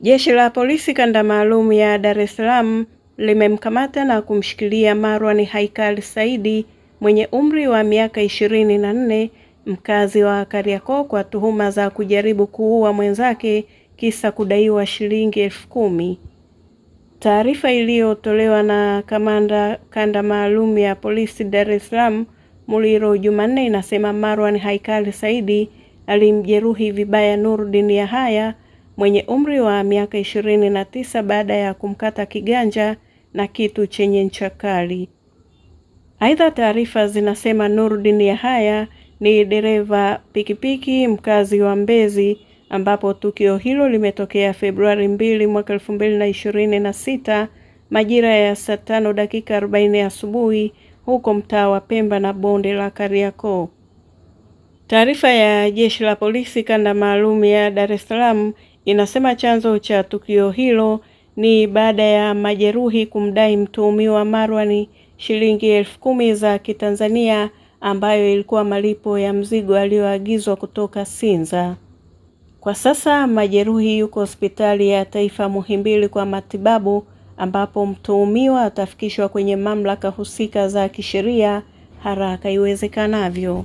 Jeshi la Polisi Kanda Maalum ya Dar es Salaam limemkamata na kumshikilia Marwan Haikal Saidi mwenye umri wa miaka ishirini na nne mkazi wa Kariakoo kwa tuhuma za kujaribu kuua mwenzake kisa kudaiwa shilingi elfu kumi. Taarifa iliyotolewa na Kamanda Kanda Maalum ya Polisi Dar es Salaam Muliro Jumanne inasema Marwan Haikal Saidi alimjeruhi vibaya Nurdin Yahaya mwenye umri wa miaka ishirini na tisa baada ya kumkata kiganja na kitu chenye ncha kali. Aidha, taarifa zinasema Nurdin Yahaya ni dereva pikipiki mkazi wa Mbezi ambapo tukio hilo limetokea Februari mbili mwaka elfu mbili na ishirini na sita majira ya saa tano dakika arobaini asubuhi huko mtaa wa Pemba na bonde la Kariakoo. Taarifa ya jeshi la polisi kanda maalum ya Dar es Salaam inasema chanzo cha tukio hilo ni baada ya majeruhi kumdai mtuhumiwa Marwan shilingi elfu kumi za Kitanzania ambayo ilikuwa malipo ya mzigo aliyoagizwa kutoka Sinza. Kwa sasa majeruhi yuko hospitali ya taifa Muhimbili kwa matibabu ambapo mtuhumiwa atafikishwa kwenye mamlaka husika za kisheria haraka iwezekanavyo.